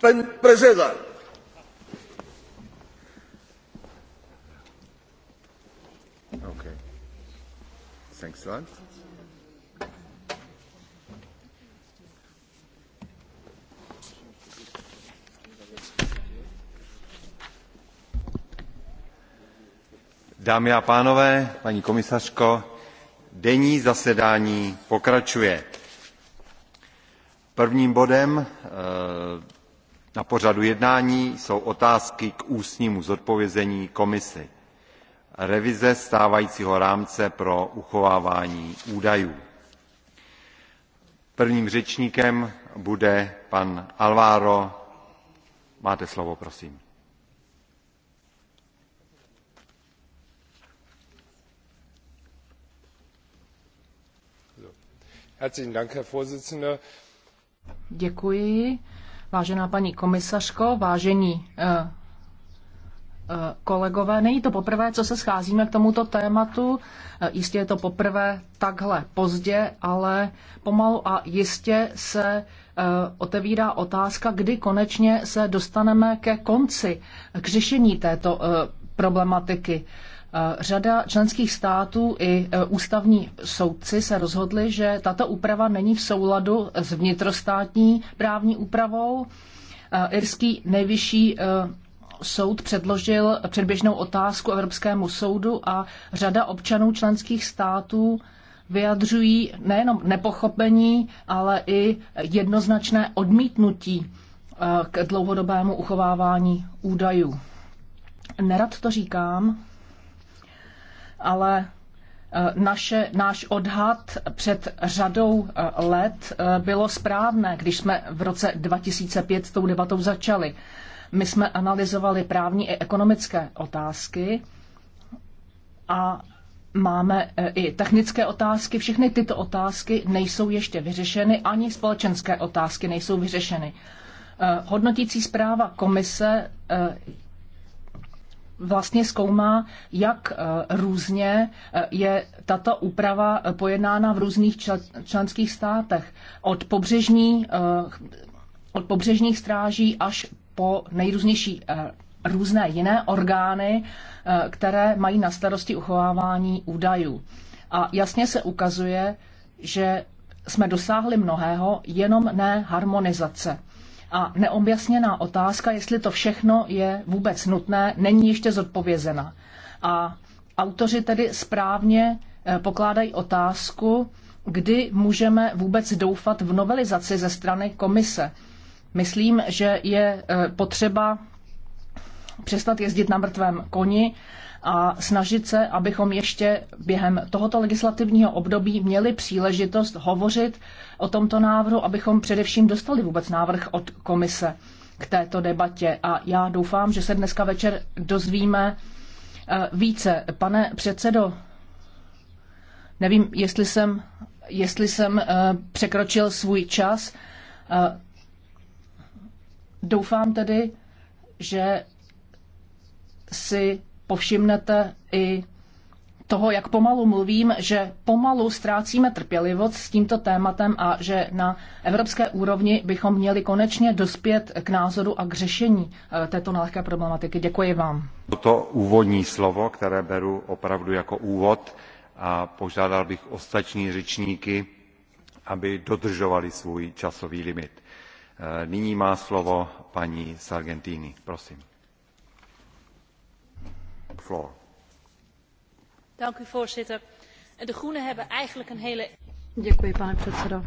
Pan prezident. Okay. Thanks a lot. Dámy a pánové, paní komisařko, denní zasedání pokračuje. Prvním bodem e, na pořadu jednání jsou otázky k ústnímu zodpovězení Komise. Revize stávajícího rámce pro uchovávání údajů. Prvním řečníkem bude pan Alvaro. Máte slovo, prosím. Děkuji. Vážená paní komisařko, vážení eh, eh, kolegové, není to poprvé, co se scházíme k tomuto tématu. Eh, jistě je to poprvé takhle pozdě, ale pomalu a jistě se otevírá otázka, kdy konečně se dostaneme ke konci, k řešení této problematiky. Eh, řada členských států i eh, ústavní soudci se rozhodli, že tato úprava není v souladu s vnitrostátní právní úpravou. Eh, irský nejvyšší soud předložil předběžnou otázku Evropskému soudu a řada občanů členských států vyjadřují nejenom nepochopení, ale i jednoznačné odmítnutí k dlouhodobému uchovávání údajů. Nerad to říkám, ale eh, naše, náš odhad před řadou eh, let eh, bylo správné, když jsme v roce 2005 s tou debatou začali. My jsme analyzovali právní i ekonomické otázky a máme i technické otázky. Všechny tyto otázky nejsou ještě vyřešeny, ani společenské otázky nejsou vyřešeny. Hodnotící zpráva komise vlastně zkoumá, jak eh, různě eh, je tato úprava eh, pojednána v různých členských státech. Od, pobřežní, od pobřežních stráží až po nejrůznější různé jiné orgány, které mají na starosti uchovávání údajů. A jasně se ukazuje, že jsme dosáhli mnohého, jenom ne harmonizace. A neobjasněná otázka, jestli to všechno je vůbec nutné, není ještě zodpovězena. A autoři tedy správně eh, pokládají otázku, kdy můžeme vůbec doufat v novelizaci ze strany komise. Myslím, že je eh, potřeba přestat jezdit na mrtvém koni a snažit se, abychom ještě během tohoto legislativního období měli příležitost hovořit o tomto návrhu, abychom především dostali vůbec návrh od komise k této debatě. A já doufám, že se dneska večer dozvíme eh, více. Pane předsedo, nevím, jestli jsem, jestli jsem eh, překročil svůj čas. Eh, doufám tedy, že si povšimnete i toho, jak pomalu mluvím, že pomalu ztrácíme trpělivost s tímto tématem a že na evropské úrovni bychom měli konečně dospět k názoru a k řešení eh, této nelehké problematiky. Děkuji vám. Toto úvodní slovo, které beru opravdu jako úvod, a požádal bych ostatní řečníky, aby dodržovali svůj časový limit. Eh, nyní má slovo paní Sargentini. Prosím voorzitter. De Groenen hebben eigenlijk een hele... Děkuji, pane předsedo.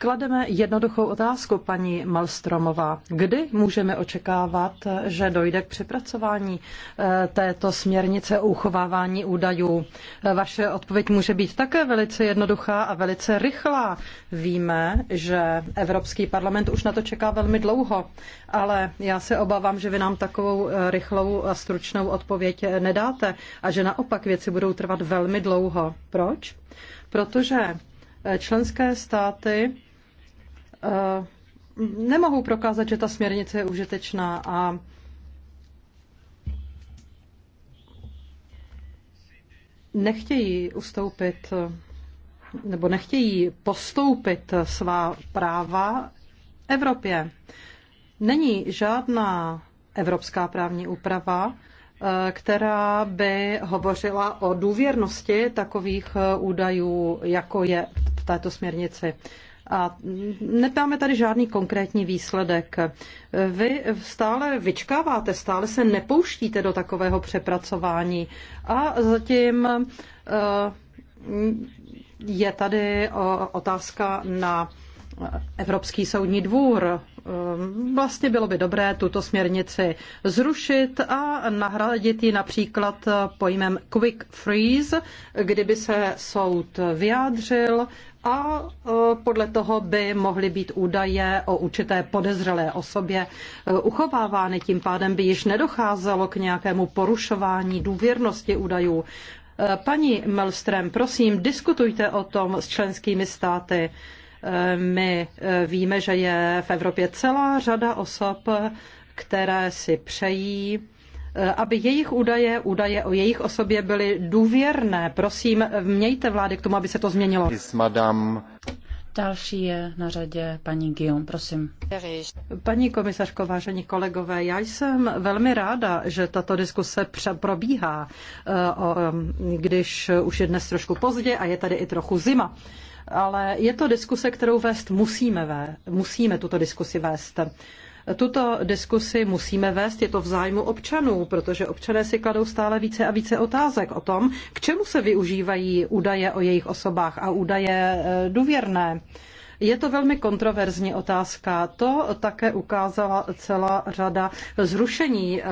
Klademe jednoduchou otázku, paní Malstromová. Kdy můžeme očekávat, že dojde k přepracování eh, této směrnice o uchovávání údajů? Eh, vaše odpověď může být také velice jednoduchá a velice rychlá. Víme, že Evropský parlament už na to čeká velmi dlouho, ale já se obávám, že vy nám takovou eh, rychlou a stručnou odpověď nedáte a že naopak věci budou trvat velmi dlouho. Proč? Protože členské státy Eh, nemohou prokázat, že ta směrnice je užitečná a nechtějí ustoupit nebo nechtějí postoupit svá práva Evropě. Není žádná evropská právní úprava, eh, která by hovořila o důvěrnosti takových eh, údajů, jako je v této směrnici. A nedáme tady žádný konkrétní výsledek. Vy stále vyčkáváte, stále se nepouštíte do takového přepracování a zatím eh, je tady eh, otázka na Evropský soudní dvůr. Ehm, vlastně bylo by dobré tuto směrnici zrušit a nahradit ji například pojmem quick freeze, kdyby se soud vyjádřil a e, podle toho by mohly být údaje o určité podezřelé osobě e, uchovávány. Tím pádem by již nedocházelo k nějakému porušování důvěrnosti údajů. E, paní Melström, prosím, diskutujte o tom s členskými státy. My eh, víme, že je v Evropě celá řada osob, které si přejí, eh, aby jejich údaje, údaje o jejich osobě byly důvěrné. Prosím, mějte vlády k tomu, aby se to změnilo. Další je na řadě paní Guillaume, prosím. Paní komisařko, vážení kolegové, já jsem velmi ráda, že tato diskuse probíhá, eh, když už je dnes trošku pozdě a je tady i trochu zima ale je to diskuse, kterou vést musíme, vé, musíme tuto diskusi vést. Tuto diskusi musíme vést, je to v zájmu občanů, protože občané si kladou stále více a více otázek o tom, k čemu se využívají údaje o jejich osobách a údaje eh, důvěrné. Je to velmi kontroverzní otázka. To také ukázala celá řada zrušení eh,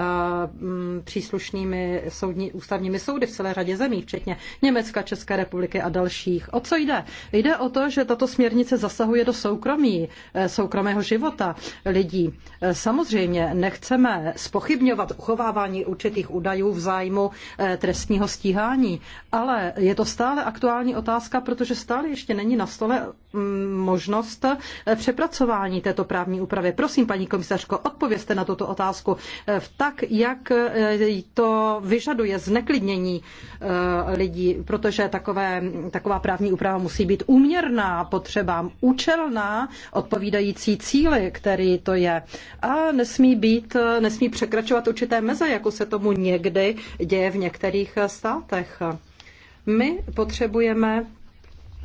mm, příslušnými soudní, ústavními soudy v celé řadě zemí, včetně Německa, České republiky a dalších. O co jde? Jde o to, že tato směrnice zasahuje do soukromí, eh, soukromého života lidí. Eh, samozřejmě nechceme spochybňovat uchovávání určitých údajů v zájmu trestního stíhání, ale je to stále aktuální otázka, protože stále ještě není na stole možnost mm, možnost eh, přepracování této právní úpravy. Prosím, paní komisařko, odpovězte na tuto otázku eh, v tak, jak eh, to vyžaduje zneklidnění lidí, protože takové, taková právní úprava musí být úměrná potřebám, účelná, odpovídající cíly, který to je. A nesmí být, nesmí překračovat určité meze, jako se tomu někdy děje v některých státech. My potřebujeme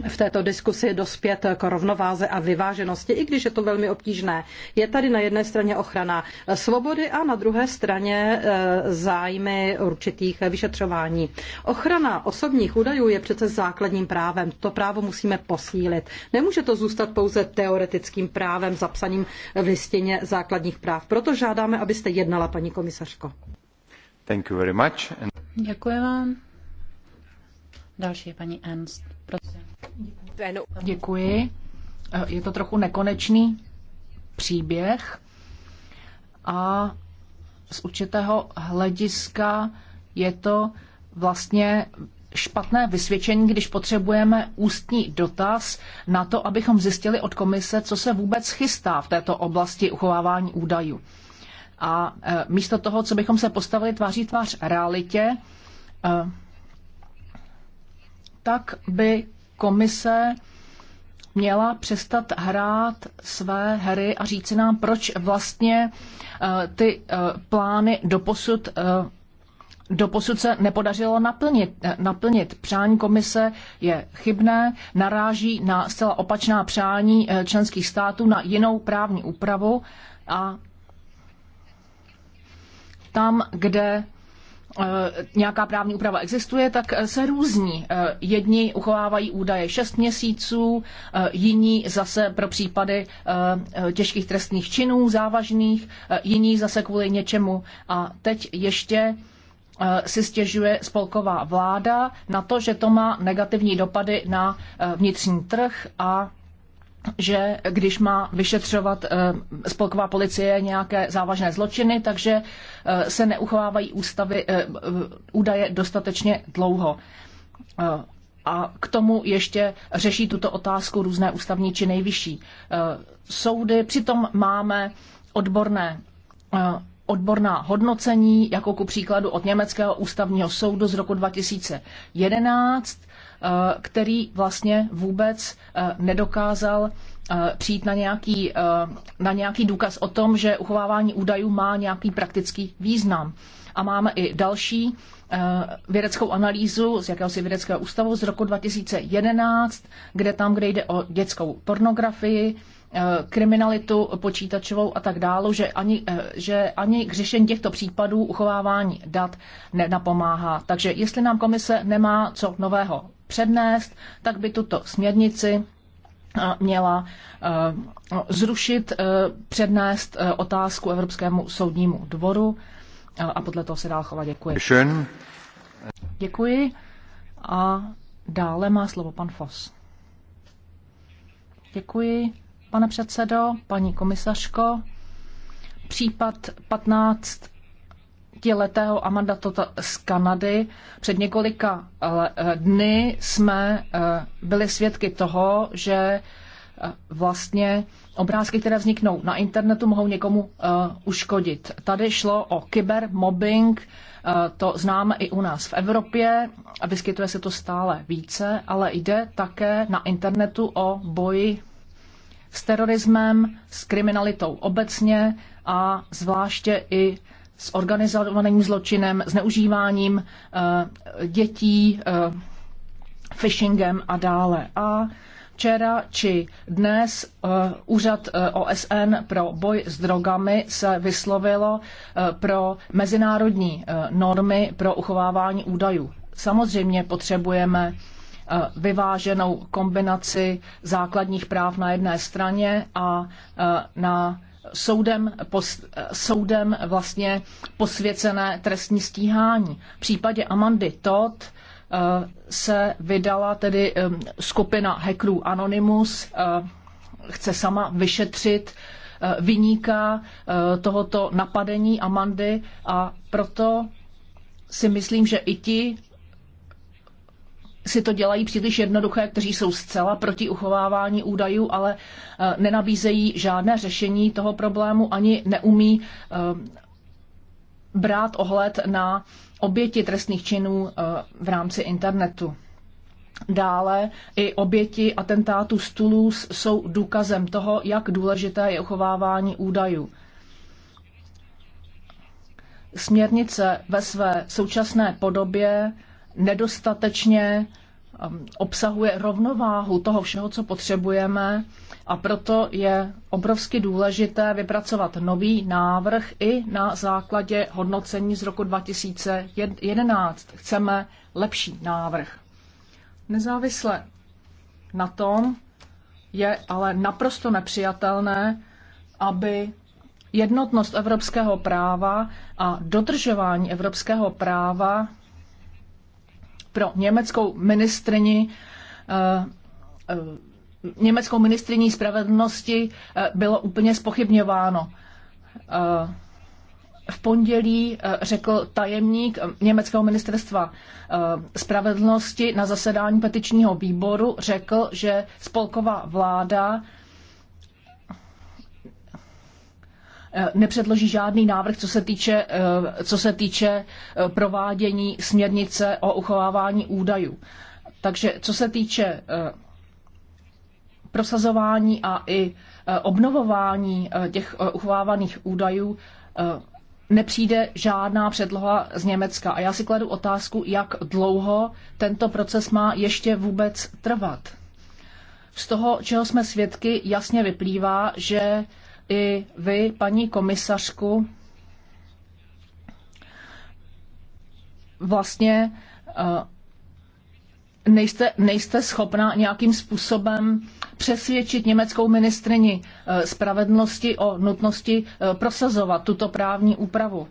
v této diskusi dospět k rovnováze a vyváženosti, i když je to velmi obtížné. Je tady na jedné straně ochrana svobody a na druhé straně eh, zájmy určitých vyšetřování. Ochrana osobních údajů je přece základním právem. To právo musíme posílit. Nemůže to zůstat pouze teoretickým právem zapsaným v listině základních práv. Proto žádáme, abyste jednala, paní komisařko. Thank you very much. And... Děkuji vám. Další je paní Ernst. Prosím. Děkuji. Eh, je to trochu nekonečný příběh a z určitého hlediska je to vlastně špatné vysvědčení, když potřebujeme ústní dotaz na to, abychom zjistili od komise, co se vůbec chystá v této oblasti uchovávání údajů. A eh, místo toho, co bychom se postavili tváří tvář realitě, eh, tak by komise měla přestat hrát své hry a říci nám, proč vlastně eh, ty eh, plány doposud eh, Doposud se nepodařilo naplnit, naplnit. Přání komise je chybné, naráží na zcela opačná přání členských států na jinou právní úpravu a tam, kde Eh, nějaká právní úprava existuje, tak eh, se různí. Eh, jedni uchovávají údaje 6 měsíců, jiní zase pro případy těžkých trestných činů, závažných, jiní zase kvůli něčemu. A teď ještě si stěžuje spolková vláda na to, že to má negativní dopady na vnitřní trh a že když má vyšetřovat eh, spolková policie nějaké závažné zločiny, takže eh, se neuchovávají ústavy, eh, údaje dostatečně dlouho. A k tomu ještě řeší tuto otázku různé ústavní či nejvyšší soudy. Přitom máme odborné odborná hodnocení, jako ku příkladu od Německého ústavního soudu z roku 2011, Eh, který vlastně vůbec eh, nedokázal eh, přijít na nějaký, na nějaký důkaz o tom, že uchovávání údajů má nějaký praktický význam. A máme i další vědeckou analýzu z jakéhosi vědeckého ústavu z roku 2011, kde tam, kde jde o dětskou pornografii, kriminalitu počítačovou a tak dále, že ani, že ani k řešení těchto případů uchovávání dat nenapomáhá. Takže jestli nám komise nemá co nového přednést, tak by tuto směrnici eh, měla eh, zrušit, eh, přednést otázku Evropskému soudnímu dvoru a podle toho se dál chovat. Děkuji. Děkuji. A dále má slovo pan Fos. Děkuji, pane předsedo, paní komisařko. Případ 15 letého Amanda Tota z Kanady. Před několika eh, dny jsme eh, byli svědky toho, že eh, vlastně obrázky, které vzniknou na internetu, mohou někomu uškodit. Tady šlo o kybermobbing, to známe i u nás v Evropě, a vyskytuje se to stále více, ale jde také na internetu o boji s terorismem, s kriminalitou obecně a zvláště i s organizovaným zločinem, zneužíváním eh, dětí, eh, phishingem a dále. A včera či dnes eh, úřad OSN pro boj s drogami se vyslovilo pro mezinárodní normy pro uchovávání údajů. Samozřejmě potřebujeme vyváženou kombinaci základních práv na jedné straně a na soudem, pos, soudem vlastně posvěcené trestní stíhání. V případě Amandy Todd eh, se vydala tedy skupina hackerů Anonymous, eh, chce sama vyšetřit eh, vyníka tohoto napadení Amandy a proto si myslím, že i ti, si to dělají příliš jednoduché, kteří jsou zcela proti uchovávání údajů, ale eh, nenabízejí žádné řešení toho problému ani neumí eh, brát ohled na oběti trestných činů eh, v rámci internetu. Dále i oběti atentátu z Toulouse jsou důkazem toho, jak důležité je uchovávání údajů. Směrnice ve své současné podobě nedostatečně um, obsahuje rovnováhu toho všeho, co potřebujeme a proto je obrovsky důležité vypracovat nový návrh i na základě hodnocení z roku 2011. Chceme lepší návrh. Nezávisle na tom je ale naprosto nepřijatelné, aby jednotnost evropského práva a dodržování evropského práva pro německou ministrini eh, eh, německou ministriní spravedlnosti eh, bylo úplně spochybňováno. V pondělí řekl tajemník německého ministerstva spravedlnosti na zasedání petičního výboru, řekl, že spolková vláda Eh, nepředloží žádný návrh, co se týče, eh, co se týče eh, provádění směrnice o uchovávání údajů. Takže co se týče prosazování a i obnovování těch uchovávaných údajů, nepřijde žádná předloha z Německa. A já si kladu otázku, jak dlouho tento proces má ještě vůbec trvat. Z toho, čeho jsme svědky, jasně vyplývá, že i vy, paní komisařku, vlastně eh, nejste, nejste schopna nějakým způsobem přesvědčit německou ministrini eh, spravedlnosti o nutnosti eh, prosazovat tuto právní úpravu.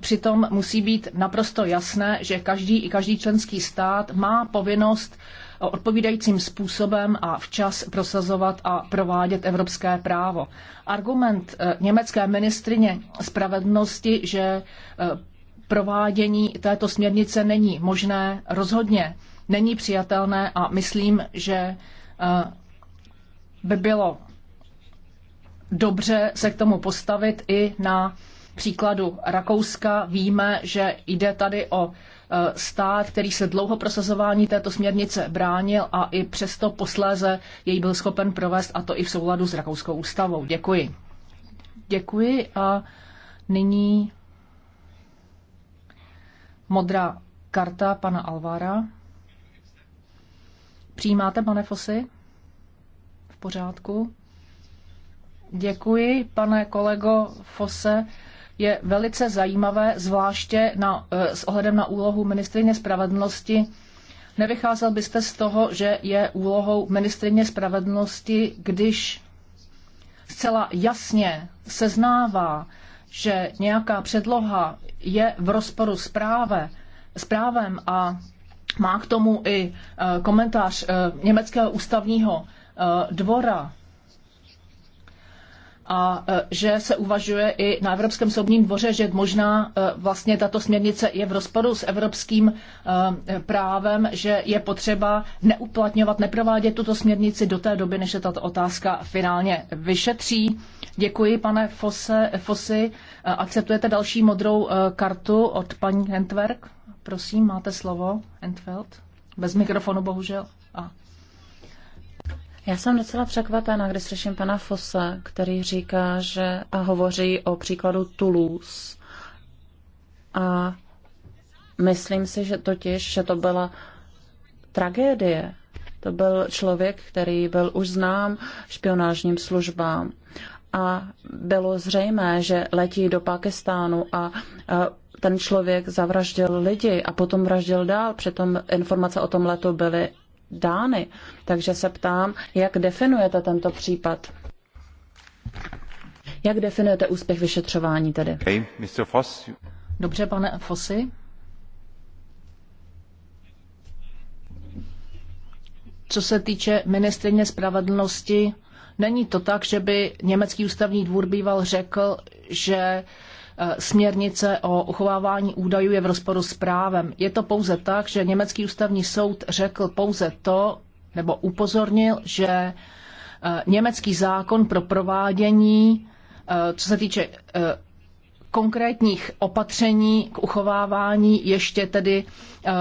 Přitom musí být naprosto jasné, že každý i každý členský stát má povinnost odpovídajícím způsobem a včas prosazovat a provádět evropské právo. Argument eh, německé ministrině spravedlnosti, že eh, provádění této směrnice není možné, rozhodně není přijatelné a myslím, že eh, by bylo dobře se k tomu postavit i na příkladu Rakouska. Víme, že jde tady o Eh, stát, který se dlouho prosazování této směrnice bránil a i přesto posléze jej byl schopen provést, a to i v souladu s Rakouskou ústavou. Děkuji. Děkuji a nyní modrá karta pana Alvára. Přijímáte, pane Fosy? V pořádku. Děkuji, pane kolego Fose je velice zajímavé, zvláště na, eh, s ohledem na úlohu ministrině spravedlnosti. Nevycházel byste z toho, že je úlohou ministrině spravedlnosti, když zcela jasně seznává, že nějaká předloha je v rozporu s, práve, s právem a má k tomu i eh, komentář eh, německého ústavního dvora, a e, že se uvažuje i na Evropském soudním dvoře, že možná e, vlastně tato směrnice je v rozporu s evropským e, právem, že je potřeba neuplatňovat, neprovádět tuto směrnici do té doby, než se tato otázka finálně vyšetří. Děkuji, pane Fose, Fosy. Akceptujete další modrou kartu od paní Hentwerk? Prosím, máte slovo, Entfeld. Bez mikrofonu, bohužel. A. Já jsem docela překvapená, když slyším pana Fosa, který říká, že a hovoří o příkladu Toulouse. A myslím si, že totiž, že to byla tragédie. To byl člověk, který byl už znám špionážním službám. A bylo zřejmé, že letí do Pakistánu a ten člověk zavraždil lidi a potom vraždil dál. Přitom informace o tom letu byly dány. Takže se ptám, jak definujete tento případ? Jak definujete úspěch vyšetřování tedy? Okay, Mr. Foss. Dobře, pane Fossi. Co se týče ministrině spravedlnosti, není to tak, že by německý ústavní dvůr býval řekl, že Eh, směrnice o uchovávání údajů je v rozporu s právem. Je to pouze tak, že německý ústavní soud řekl pouze to, nebo upozornil, že eh, německý zákon pro provádění, eh, co se týče konkrétních opatření k uchovávání ještě tedy e,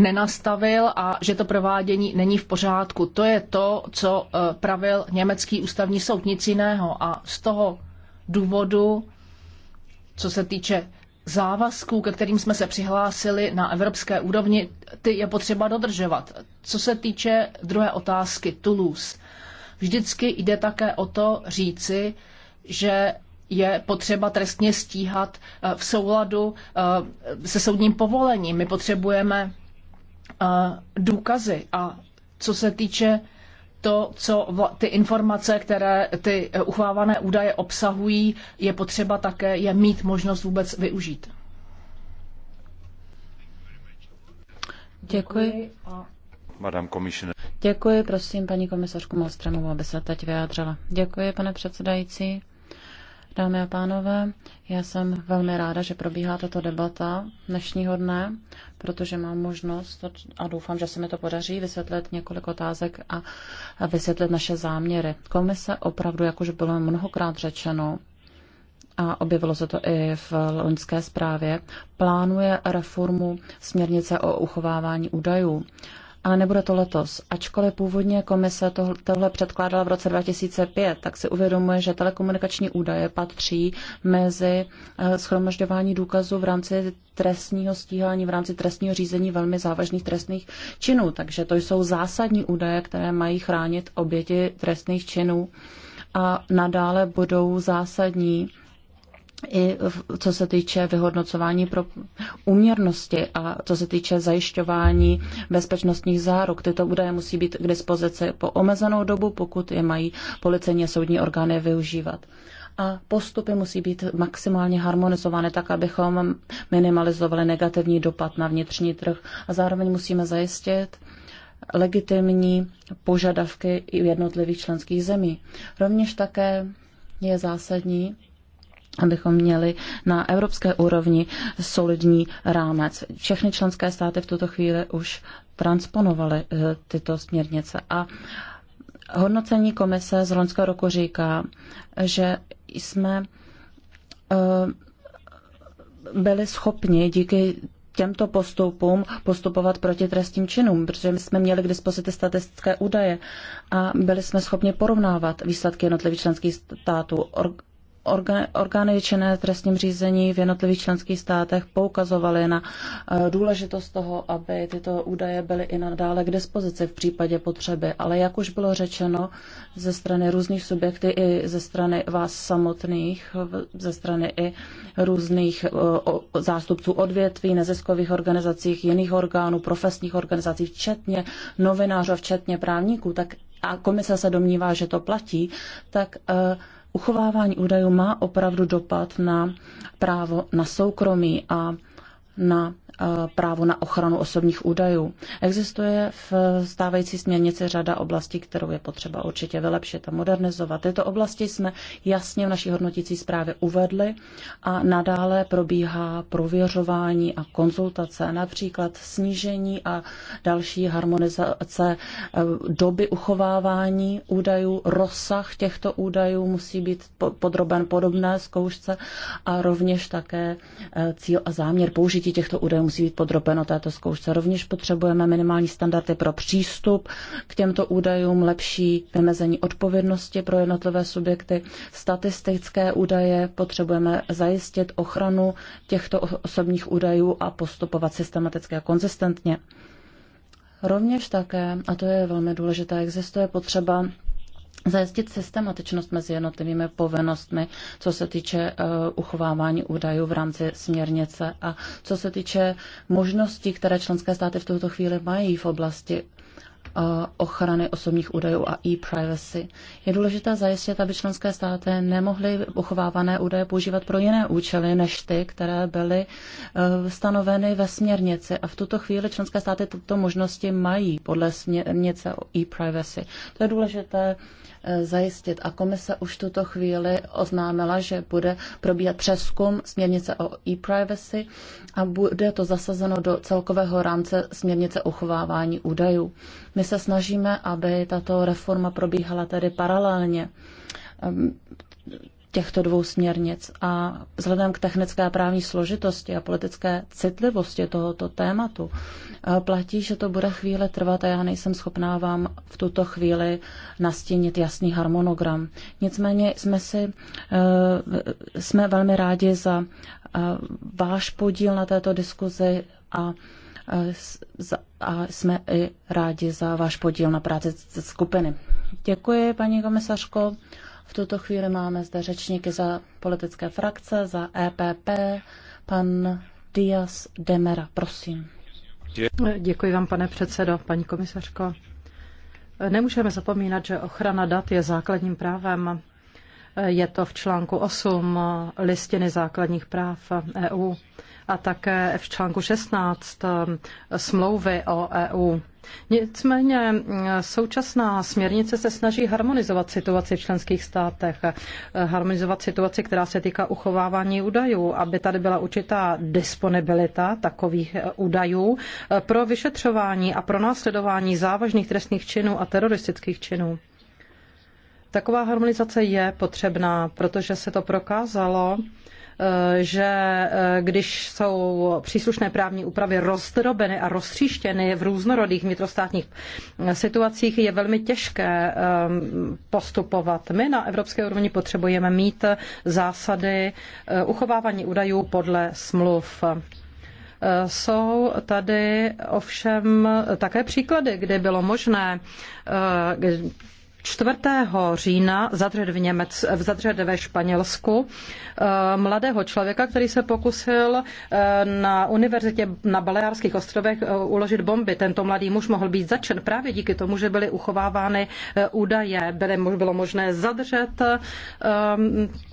nenastavil a že to provádění není v pořádku. To je to, co e, pravil německý ústavní soud, nic jiného. A z toho důvodu co se týče závazků, ke kterým jsme se přihlásili na evropské úrovni, ty je potřeba dodržovat. Co se týče druhé otázky, Toulouse, vždycky jde také o to říci, že je potřeba trestně stíhat eh, v souladu eh, se soudním povolením. My potřebujeme eh, důkazy a co se týče to, co ty informace, které ty eh, uchvávané údaje obsahují, je potřeba také je mít možnost vůbec využít. Děkuji. Madame Commissioner. Děkuji, prosím paní komisařku Malstromovou, aby se teď vyjádřila. Děkuji, pane předsedající. Dámy a pánové, já jsem velmi ráda, že probíhá tato debata dnešního dne, protože mám možnost a doufám, že se mi to podaří vysvětlit několik otázek a vysvětlit naše záměry. Komise opravdu, jak už bylo mnohokrát řečeno, a objevilo se to i v loňské zprávě, plánuje reformu směrnice o uchovávání údajů ale nebude to letos. Ačkoliv původně komise tohle předkládala v roce 2005, tak si uvědomuje, že telekomunikační údaje patří mezi eh, schromažďování důkazů v rámci trestního stíhání, v rámci trestního řízení velmi závažných trestných činů. Takže to jsou zásadní údaje, které mají chránit oběti trestných činů a nadále budou zásadní i co se týče vyhodnocování pro úměrnosti a co se týče zajišťování bezpečnostních záruk. Tyto údaje musí být k dispozici po omezenou dobu, pokud je mají policejní a soudní orgány využívat. A postupy musí být maximálně harmonizované, tak, abychom minimalizovali negativní dopad na vnitřní trh a zároveň musíme zajistit, legitimní požadavky i jednotlivých členských zemí. Rovněž také je zásadní, abychom měli na evropské úrovni solidní rámec. Všechny členské státy v tuto chvíli už transponovaly eh, tyto směrnice a hodnocení komise z loňského roku říká, že jsme eh, byli schopni díky těmto postupům postupovat proti trestním činům, protože my jsme měli k dispozici statistické údaje a byli jsme schopni porovnávat výsledky jednotlivých členských států orgány činné trestním řízení v jednotlivých členských státech poukazovaly na eh, důležitost toho, aby tyto údaje byly i nadále k dispozici v případě potřeby. Ale jak už bylo řečeno ze strany různých subjektů i ze strany vás samotných, ze strany i různých eh, zástupců odvětví, neziskových organizací, jiných orgánů, profesních organizací, včetně novinářů, včetně právníků, tak a komise se domnívá, že to platí, tak uh, uchovávání údajů má opravdu dopad na právo na soukromí a na Eh, právo na ochranu osobních údajů. Existuje v stávající směrnici řada oblastí, kterou je potřeba určitě vylepšit a modernizovat. Tyto oblasti jsme jasně v naší hodnotící zprávě uvedli a nadále probíhá prověřování a konzultace, například snížení a další harmonizace eh, doby uchovávání údajů, rozsah těchto údajů musí být podroben podobné zkoušce a rovněž také eh, cíl a záměr použití těchto údajů musí být podrobeno této zkoušce. Rovněž potřebujeme minimální standardy pro přístup k těmto údajům, lepší vymezení odpovědnosti pro jednotlivé subjekty, statistické údaje, potřebujeme zajistit ochranu těchto osobních údajů a postupovat systematicky a konzistentně. Rovněž také, a to je velmi důležité, existuje potřeba zajistit systematičnost mezi jednotlivými povinnostmi, co se týče uh, uchovávání údajů v rámci směrnice a co se týče možností, které členské státy v tuto chvíli mají v oblasti eh, ochrany osobních údajů a e-privacy. Je důležité zajistit, aby členské státy nemohly uchovávané údaje používat pro jiné účely než ty, které byly eh, stanoveny ve směrnici. A v tuto chvíli členské státy tyto možnosti mají podle směrnice o e-privacy. To je důležité zajistit. A komise už tuto chvíli oznámila, že bude probíhat přeskum směrnice o e-privacy a bude to zasazeno do celkového rámce směrnice uchovávání údajů. My se snažíme, aby tato reforma probíhala tedy paralelně těchto dvou směrnic a vzhledem k technické a právní složitosti a politické citlivosti tohoto tématu eh, platí, že to bude chvíle trvat a já nejsem schopná vám v tuto chvíli nastínit jasný harmonogram. Nicméně jsme si eh, jsme velmi rádi za eh, váš podíl na této diskuzi a a jsme i rádi za váš podíl na práci skupiny. Děkuji, paní komisařko. V tuto chvíli máme zde řečníky za politické frakce, za EPP, pan Díaz Demera, prosím. Děkuji vám, pane předsedo, paní komisařko. Nemůžeme zapomínat, že ochrana dat je základním právem je to v článku 8 listiny základních práv EU a také v článku 16 smlouvy o EU. Nicméně eh, současná směrnice se snaží harmonizovat situaci v členských státech, eh, harmonizovat situaci, která se týká uchovávání údajů, aby tady byla určitá disponibilita takových eh, údajů pro vyšetřování a pro následování závažných trestných činů a teroristických činů. Taková harmonizace je potřebná, protože se to prokázalo, eh, že eh, když jsou příslušné právní úpravy rozdrobeny a roztříštěny v různorodých vnitrostátních eh, situacích, je velmi těžké postupovat. My na evropské úrovni potřebujeme mít zásady uchovávání údajů podle smluv. Jsou tady ovšem také příklady, kdy bylo možné 4. října zadřet v, Němec, v zadřet ve Španělsku eh, mladého člověka, který se pokusil eh, na univerzitě na Baleárských ostrovech eh, uložit bomby. Tento mladý muž mohl být začen právě díky tomu, že byly uchovávány údaje, byly, bylo možné zadřet ehm,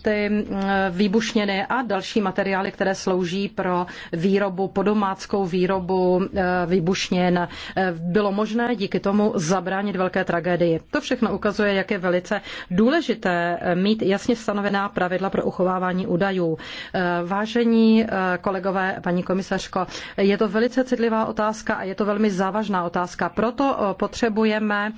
ty výbušněny a další materiály, které slouží pro výrobu, podomáckou výrobu výbušněn. Bylo možné díky tomu zabránit velké tragédii. To všechno ukazuje, jak je velice důležité mít jasně stanovená pravidla pro uchovávání údajů. Eh, vážení eh, kolegové, paní komisařko, je to velice citlivá otázka a je to velmi závažná otázka. Proto eh, potřebujeme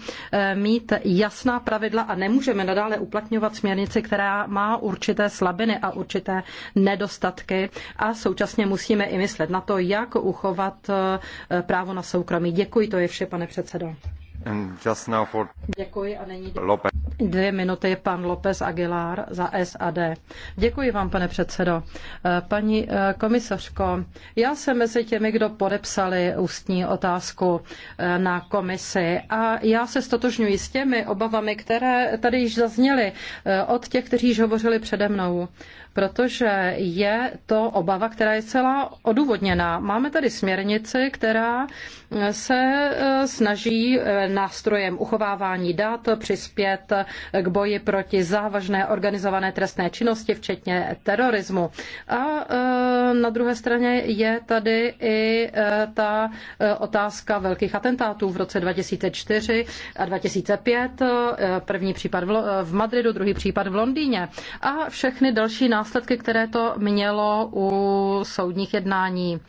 mít jasná pravidla a nemůžeme nadále uplatňovat směrnici, která má určité slabiny a určité nedostatky a současně musíme i myslet na to, jak uchovat právo na soukromí. Děkuji, to je vše, pane předsedo. Děkuji a není Lopez. dvě minuty pan López Aguilar za SAD. Děkuji vám, pane předsedo. Eh, paní eh, komisařko, já jsem mezi těmi, kdo podepsali ústní otázku eh, na komisi a já se stotožňuji s těmi obavami, které tady již zazněly od těch, kteří již hovořili přede mnou protože je to obava, která je celá odůvodněná. Máme tady směrnici, která eh, se eh, snaží eh, nástrojem uchovávání dat přispět k boji proti závažné organizované trestné činnosti, včetně terorismu. A na druhé straně je tady i ta otázka velkých atentátů v roce 2004 a 2005. První případ v Madridu, druhý případ v Londýně a všechny další nástroje následky, které to mělo u soudních jednání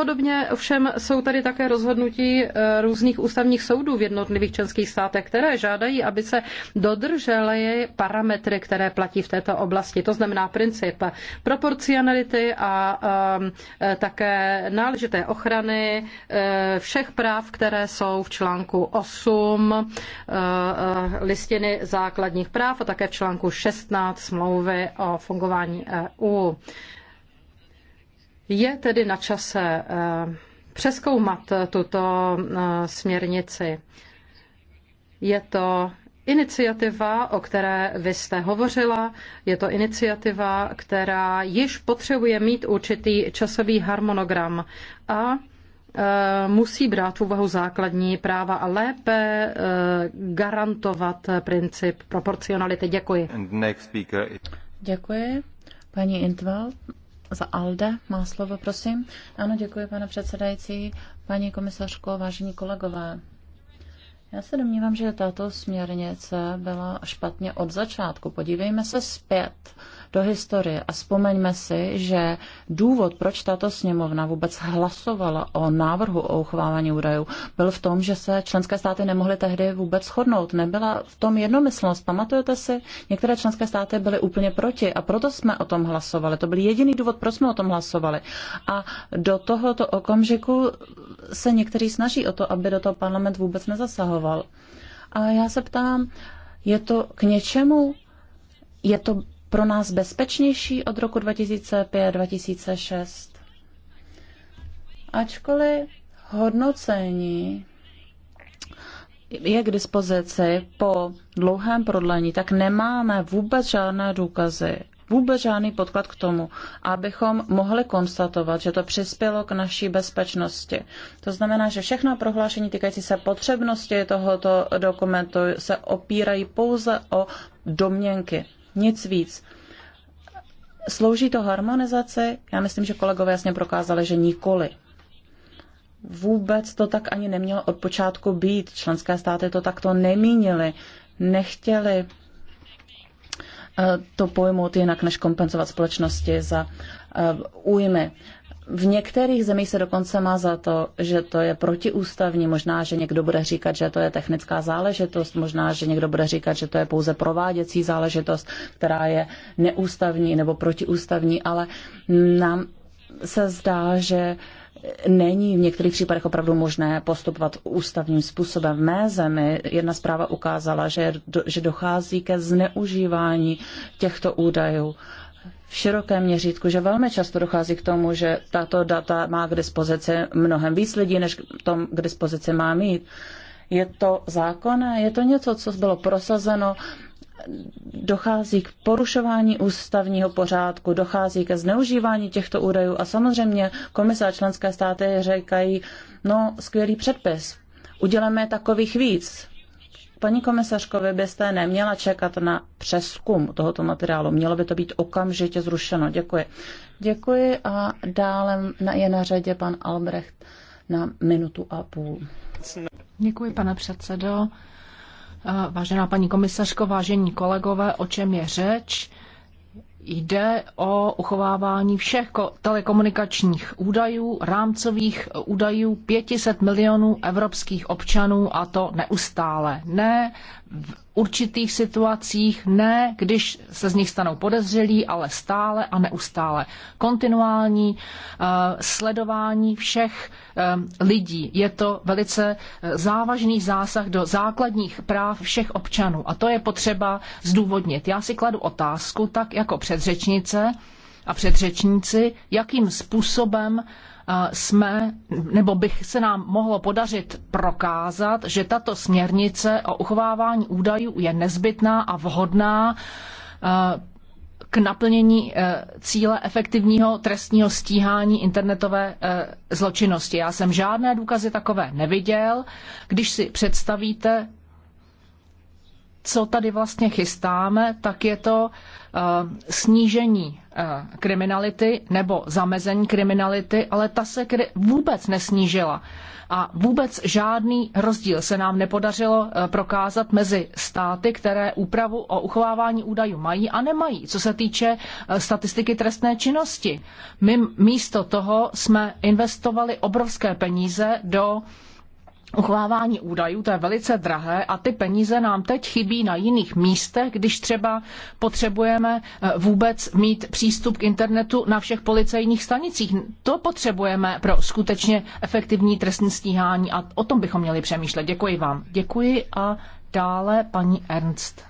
Podobně ovšem jsou tady také rozhodnutí eh, různých ústavních soudů v jednotlivých členských státech, které žádají, aby se dodržely parametry, které platí v této oblasti. To znamená princip proporcionality a ehm, eh, také náležité ochrany eh, všech práv, které jsou v článku 8 listiny základních práv a také v článku 16 smlouvy o fungování EU. Je tedy na čase eh, přeskoumat tuto eh, směrnici. Je to iniciativa, o které vy jste hovořila, je to iniciativa, která již potřebuje mít určitý časový harmonogram a eh, musí brát v úvahu základní práva a lépe garantovat princip proporcionality. Děkuji. Děkuji. Paní Intval, za Alde má slovo, prosím. Ano, děkuji, pane předsedající, paní komisařko, vážení kolegové. Já se domnívám, že tato směrnice byla špatně od začátku. Podívejme se zpět do historie a vzpomeňme si, že důvod, proč tato sněmovna vůbec hlasovala o návrhu o uchovávání údajů, byl v tom, že se členské státy nemohly tehdy vůbec shodnout. Nebyla v tom jednomyslnost. Pamatujete si, některé členské státy byly úplně proti a proto jsme o tom hlasovali. To byl jediný důvod, proč jsme o tom hlasovali. A do tohoto okamžiku se někteří snaží o to, aby do toho parlament vůbec nezasahoval. A já se ptám, je to k něčemu? Je to pro nás bezpečnější od roku 2005-2006. Ačkoliv hodnocení je k dispozici po dlouhém prodlení, tak nemáme vůbec žádné důkazy, vůbec žádný podklad k tomu, abychom mohli konstatovat, že to přispělo k naší bezpečnosti. To znamená, že všechna prohlášení týkající se potřebnosti tohoto dokumentu se opírají pouze o domněnky nic víc. Slouží to harmonizaci? Já myslím, že kolegové jasně prokázali, že nikoli. Vůbec to tak ani nemělo od počátku být. Členské státy to takto nemínili, nechtěli eh, to pojmout jinak, než kompenzovat společnosti za eh, újmy. V některých zemích se dokonce má za to, že to je protiústavní, možná, že někdo bude říkat, že to je technická záležitost, možná, že někdo bude říkat, že to je pouze prováděcí záležitost, která je neústavní nebo protiústavní, ale nám se zdá, že není v některých případech opravdu možné postupovat ústavním způsobem. V mé zemi jedna zpráva ukázala, že, že dochází ke zneužívání těchto údajů v širokém měřítku, že velmi často dochází k tomu, že tato data má k dispozici mnohem víc lidí, než k tom k dispozici má mít. Je to zákonné? Je to něco, co bylo prosazeno? Dochází k porušování ústavního pořádku, dochází ke zneužívání těchto údajů a samozřejmě komise a členské státy říkají, no skvělý předpis, uděláme takových víc, Paní komisařko, vy byste neměla čekat na přeskum tohoto materiálu. Mělo by to být okamžitě zrušeno. Děkuji. Děkuji a dále je na řadě pan Albrecht na minutu a půl. Děkuji, pane předsedo. Eh, vážená paní komisařko, vážení kolegové, o čem je řeč? Jde o uchovávání všech telekomunikačních údajů, rámcových údajů 500 milionů evropských občanů a to neustále. Ne v určitých situacích, ne když se z nich stanou podezřelí, ale stále a neustále. Kontinuální uh, sledování všech um, lidí. Je to velice eh, závažný zásah do základních práv všech občanů a to je potřeba zdůvodnit. Já si kladu otázku, tak jako předřečnice a předřečníci, jakým způsobem jsme, nebo bych se nám mohlo podařit prokázat, že tato směrnice o uchovávání údajů je nezbytná a vhodná eh, k naplnění eh, cíle efektivního trestního stíhání internetové eh, zločinnosti. Já jsem žádné důkazy takové neviděl. Když si představíte, co tady vlastně chystáme, tak je to snížení Eh, kriminality nebo zamezení kriminality, ale ta se vůbec nesnížila. A vůbec žádný rozdíl se nám nepodařilo eh, prokázat mezi státy, které úpravu o uchovávání údajů mají a nemají, co se týče eh, statistiky trestné činnosti. My místo toho jsme investovali obrovské peníze do uchovávání údajů, to je velice drahé a ty peníze nám teď chybí na jiných místech, když třeba potřebujeme eh, vůbec mít přístup k internetu na všech policejních stanicích. To potřebujeme pro skutečně efektivní trestní stíhání a o tom bychom měli přemýšlet. Děkuji vám. Děkuji a dále paní Ernst.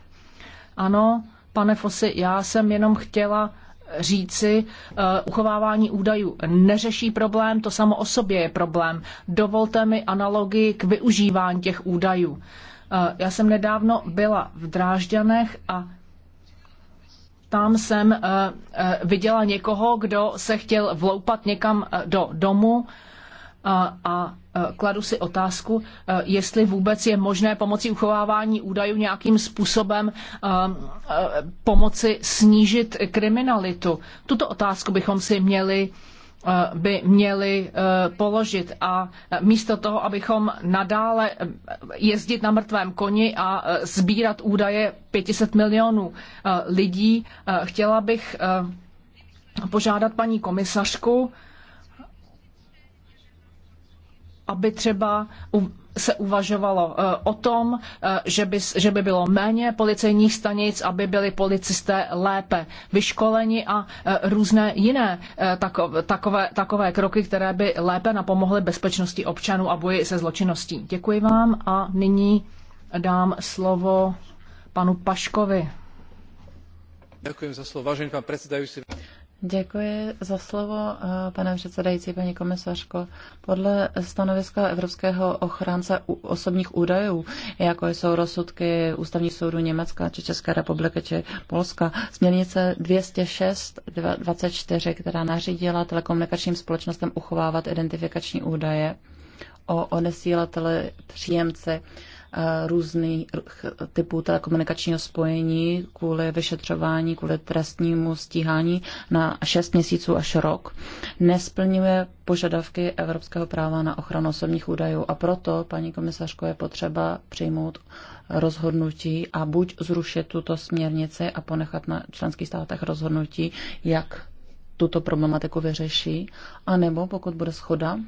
Ano, pane Fosy, já jsem jenom chtěla říci, eh, uchovávání údajů neřeší problém, to samo o sobě je problém. Dovolte mi analogii k využívání těch údajů. Eh, já jsem nedávno byla v Drážďanech a tam jsem eh, viděla někoho, kdo se chtěl vloupat někam do domu a, a e, kladu si otázku, e, jestli vůbec je možné pomocí uchovávání údajů nějakým způsobem e, pomoci snížit kriminalitu. Tuto otázku bychom si měli by měli položit a místo toho, abychom nadále jezdit na mrtvém koni a sbírat údaje 500 milionů lidí, chtěla bych požádat paní komisařku, aby třeba se uvažovalo eh, o tom, eh, že by, že by bylo méně policejních stanic, aby byli policisté lépe vyškoleni a eh, různé jiné takové, takové kroky, které by lépe napomohly bezpečnosti občanů a boji se zločinností. Děkuji vám a nyní dám slovo panu Paškovi. Děkuji za slovo, vážený pán predsedajúci. Děkuji za slovo, eh, pane předsedající, paní komisařko. Podle stanoviska Evropského ochránce osobních údajů, jako jsou rozsudky ústavních soudů Německa, či České republiky, či Polska, směrnice 206-24, která nařídila telekomunikačním společnostem uchovávat identifikační údaje o odesílateli příjemci, různých typů telekomunikačního spojení kvůli vyšetřování, kvůli trestnímu stíhání na 6 měsíců až rok, nesplňuje požadavky evropského práva na ochranu osobních údajů a proto, paní komisařko, je potřeba přijmout rozhodnutí a buď zrušit tuto směrnici a ponechat na členských státech rozhodnutí, jak tuto problematiku vyřeší, anebo pokud bude schoda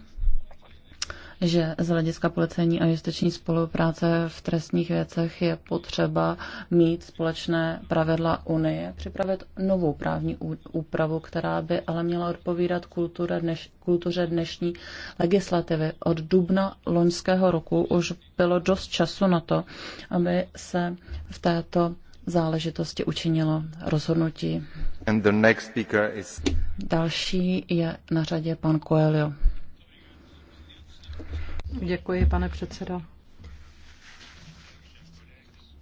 že z hlediska policejní a justiční spolupráce v trestních věcech je potřeba mít společné pravidla Unie, připravit novou právní úpravu, která by ale měla odpovídat kultuře, dneš, kultuře dnešní legislativy. Od dubna loňského roku už bylo dost času na to, aby se v této záležitosti učinilo rozhodnutí. Is... Další je na řadě pan Coelho. Děkuji, pane předsedo.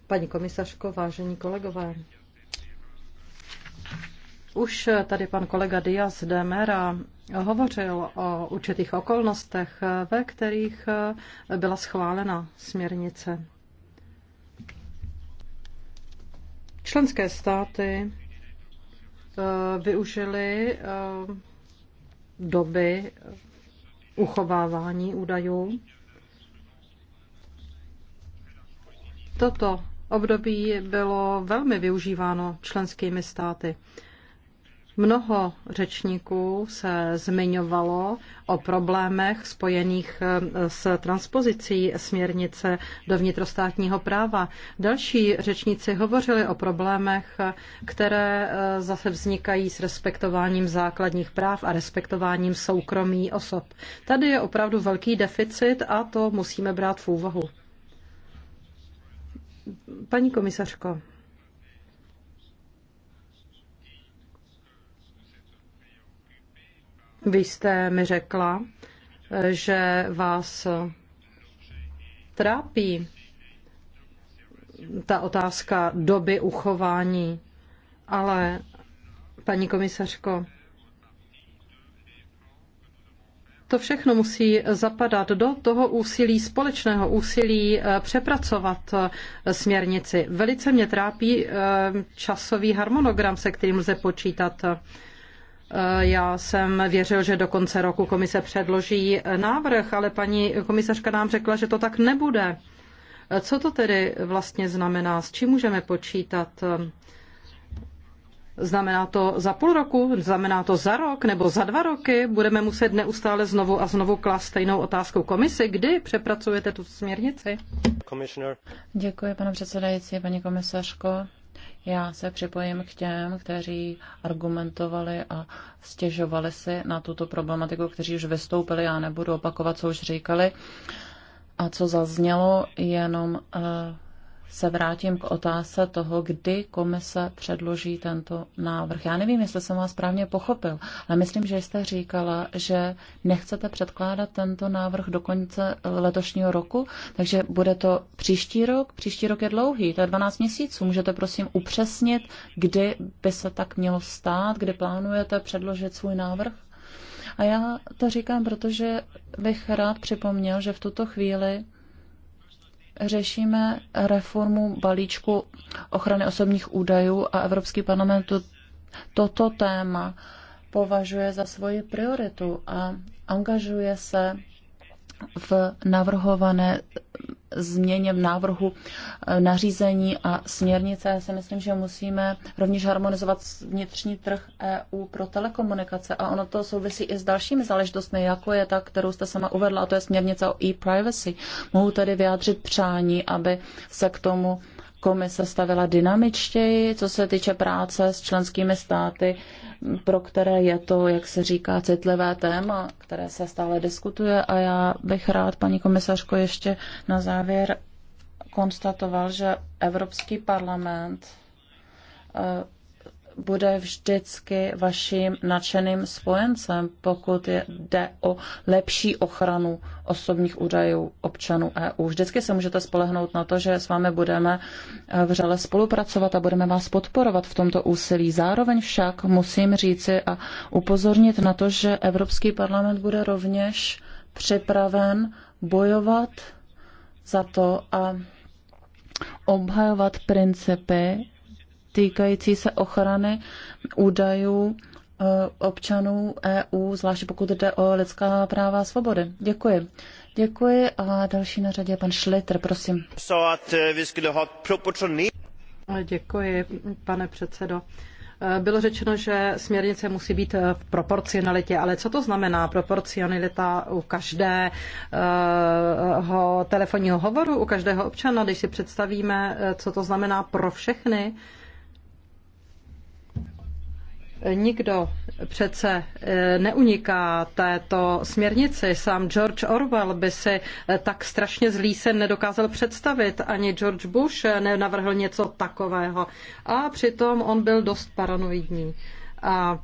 Paní komisařko, vážení kolegové, už tady pan kolega Diaz de Mera hovořil o určitých okolnostech, ve kterých byla schválena směrnice. Členské státy eh, využili eh, doby uchovávání údajů. Toto období bylo velmi využíváno členskými státy. Mnoho řečníků se zmiňovalo o problémech spojených eh, s transpozicí směrnice do vnitrostátního práva. Další řečníci hovořili o problémech, které eh, zase vznikají s respektováním základních práv a respektováním soukromí osob. Tady je opravdu velký deficit a to musíme brát v úvahu. Paní komisařko, Vy jste mi řekla, že vás trápí ta otázka doby uchování, ale paní komisařko, to všechno musí zapadat do toho úsilí, společného úsilí eh, přepracovat eh, směrnici. Velice mě trápí eh, časový harmonogram, se kterým lze počítat. Já jsem věřil, že do konce roku komise předloží návrh, ale paní komisařka nám řekla, že to tak nebude. Co to tedy vlastně znamená? S čím můžeme počítat? Znamená to za půl roku, znamená to za rok nebo za dva roky? Budeme muset neustále znovu a znovu klást stejnou otázku komisi. Kdy přepracujete tu směrnici? Děkuji, pane předsedající, paní komisařko. Já se připojím k těm, kteří argumentovali a stěžovali si na tuto problematiku, kteří už vystoupili, já nebudu opakovat, co už říkali. A co zaznělo, jenom uh, se vrátím k otázce toho, kdy komise předloží tento návrh. Já nevím, jestli jsem vás správně pochopil, ale myslím, že jste říkala, že nechcete předkládat tento návrh do konce letošního roku, takže bude to příští rok. Příští rok je dlouhý, to je 12 měsíců. Můžete prosím upřesnit, kdy by se tak mělo stát, kdy plánujete předložit svůj návrh? A já to říkám, protože bych rád připomněl, že v tuto chvíli řešíme reformu balíčku ochrany osobních údajů a Evropský parlament to, toto téma považuje za svoji prioritu a angažuje se v navrhované změně v návrhu eh, nařízení a směrnice. Já si myslím, že musíme rovněž harmonizovat vnitřní trh EU pro telekomunikace a ono to souvisí i s dalšími záležitostmi, jako je ta, kterou jste sama uvedla, a to je směrnice o e-privacy. Mohu tedy vyjádřit přání, aby se k tomu komise stavila dynamičtěji, co se týče práce s členskými státy, pro které je to, jak se říká, citlivé téma, které se stále diskutuje. A já bych rád, paní komisařko, ještě na závěr konstatoval, že Evropský parlament eh, bude vždycky vaším nadšeným spojencem, pokud jde o lepší ochranu osobních údajů občanů EU. Vždycky se můžete spolehnout na to, že s vámi budeme eh, vřele spolupracovat a budeme vás podporovat v tomto úsilí. Zároveň však musím říci a upozornit na to, že Evropský parlament bude rovněž připraven bojovat za to a obhajovat principy týkající se ochrany údajů eh, občanů EU, zvláště pokud jde o lidská práva a svobody. Děkuji. Děkuji a další na řadě je pan Schlitter, prosím. Eh, děkuji, pane předsedo. Eh, bylo řečeno, že směrnice musí být v proporcionalitě, ale co to znamená proporcionalita u každého telefonního hovoru, u každého občana, když si představíme, co to znamená pro všechny? Nikdo přece e, neuniká této směrnici. Sám George Orwell by si e, tak strašně zlý sen nedokázal představit. Ani George Bush nenavrhl něco takového. A přitom on byl dost paranoidní. A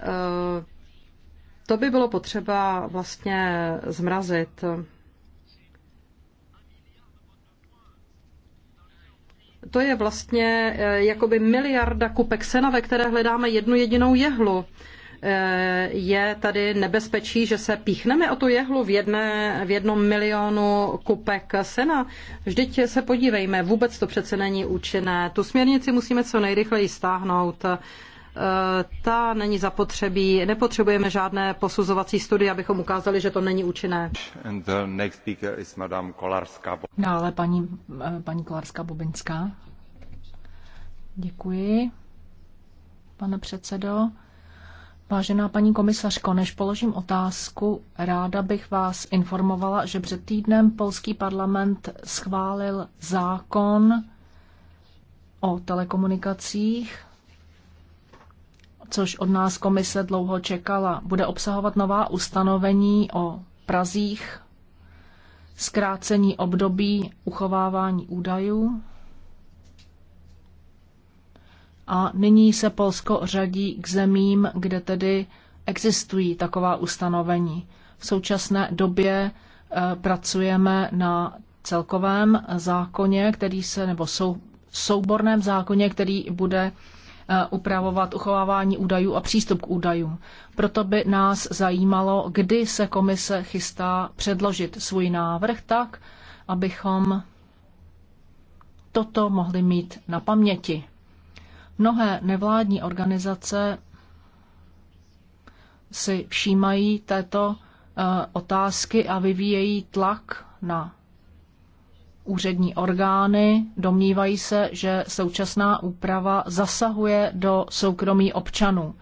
e, to by bylo potřeba vlastně zmrazit. To je vlastně eh, jakoby miliarda kupek sena, ve které hledáme jednu jedinou jehlu eh, je tady nebezpečí, že se píchneme o tu jehlu v, jedné, v jednom milionu kupek sena. Vždyť se podívejme, vůbec to přece není účinné. Tu směrnici musíme co nejrychleji stáhnout ta není zapotřebí, nepotřebujeme žádné posuzovací studie, abychom ukázali, že to není účinné. Dále paní, eh, paní Kolarská Bobinská. Děkuji, pane předsedo. Vážená paní komisařko, než položím otázku, ráda bych vás informovala, že před týdnem polský parlament schválil zákon o telekomunikacích, což od nás komise dlouho čekala, bude obsahovat nová ustanovení o prazích, zkrácení období uchovávání údajů. A nyní se Polsko řadí k zemím, kde tedy existují taková ustanovení. V současné době e, pracujeme na celkovém zákoně, který se, nebo sou, souborném zákoně, který bude Eh, upravovat uchovávání údajů a přístup k údajům. Proto by nás zajímalo, kdy se komise chystá předložit svůj návrh tak, abychom toto mohli mít na paměti. Mnohé nevládní organizace si všímají této eh, otázky a vyvíjejí tlak na úřední orgány domnívají se, že současná úprava zasahuje do soukromí občanů.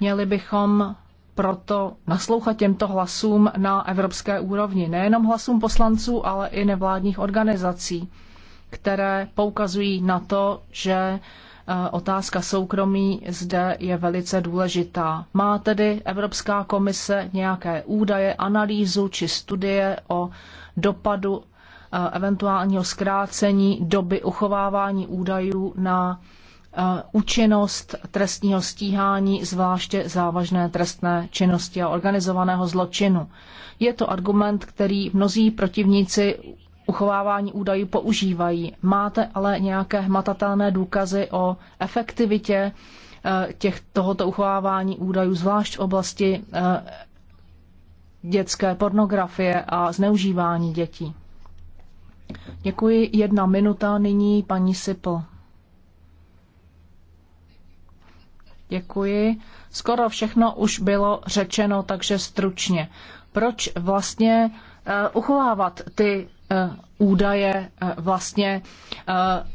Měli bychom proto naslouchat těmto hlasům na evropské úrovni, nejenom hlasům poslanců, ale i nevládních organizací, které poukazují na to, že eh, otázka soukromí zde je velice důležitá. Má tedy Evropská komise nějaké údaje, analýzu či studie o dopadu Eh, eventuálního zkrácení doby uchovávání údajů na eh, účinnost trestního stíhání, zvláště závažné trestné činnosti a organizovaného zločinu. Je to argument, který mnozí protivníci uchovávání údajů používají. Máte ale nějaké hmatatelné důkazy o efektivitě eh, těch, tohoto uchovávání údajů, zvlášť v oblasti dětské pornografie a zneužívání dětí? Děkuji. Jedna minuta nyní paní Sipl. Děkuji. Skoro všechno už bylo řečeno, takže stručně. Proč vlastně uh, uchovávat ty uh, údaje uh, vlastně uh,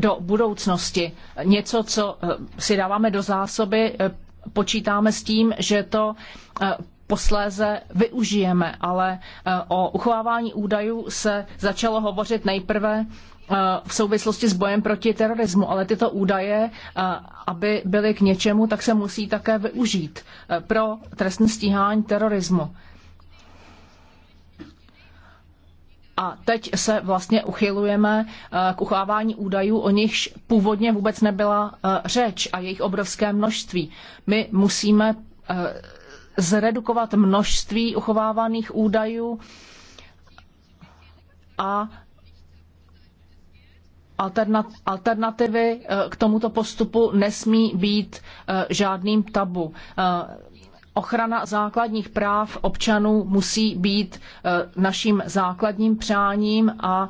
do budoucnosti? Něco, co uh, si dáváme do zásoby, uh, počítáme s tím, že to uh, posléze využijeme, ale eh, o uchovávání údajů se začalo hovořit nejprve eh, v souvislosti s bojem proti terorismu, ale tyto údaje, eh, aby byly k něčemu, tak se musí také využít pro trestní stíhání terorismu. A teď se vlastně uchylujeme k uchávání údajů, o nichž původně vůbec nebyla řeč a jejich obrovské množství. My musíme zredukovat množství uchovávaných údajů a alternativy eh, k tomuto postupu nesmí být eh, žádným tabu. Eh, ochrana základních práv občanů musí být naším základním přáním a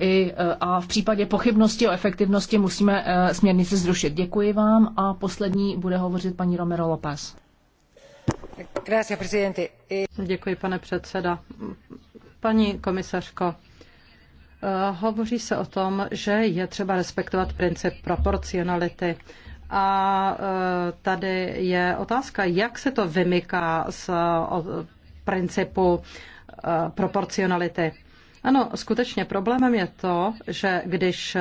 i, a v případě pochybnosti o efektivnosti musíme směrnici zrušit. Děkuji vám a poslední bude hovořit paní Romero López. Eh, Děkuji, pane předseda. Paní komisařko, eh, hovoří se o tom, že je třeba respektovat princip proporcionality. A eh, tady je otázka, jak se to vymyká z principu proporcionality. Ano, skutečně problémem je to, že když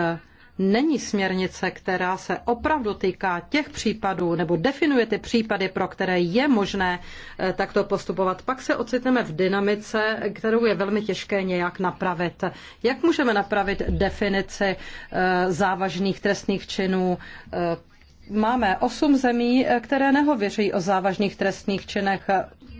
není směrnice, která se opravdu týká těch případů nebo definuje ty případy, pro které je možné eh, takto postupovat, pak se ocitneme v dynamice, kterou je velmi těžké nějak napravit. Jak můžeme napravit definici eh, závažných trestných činů? Eh, máme osm zemí, které nehověří o závažných trestných činech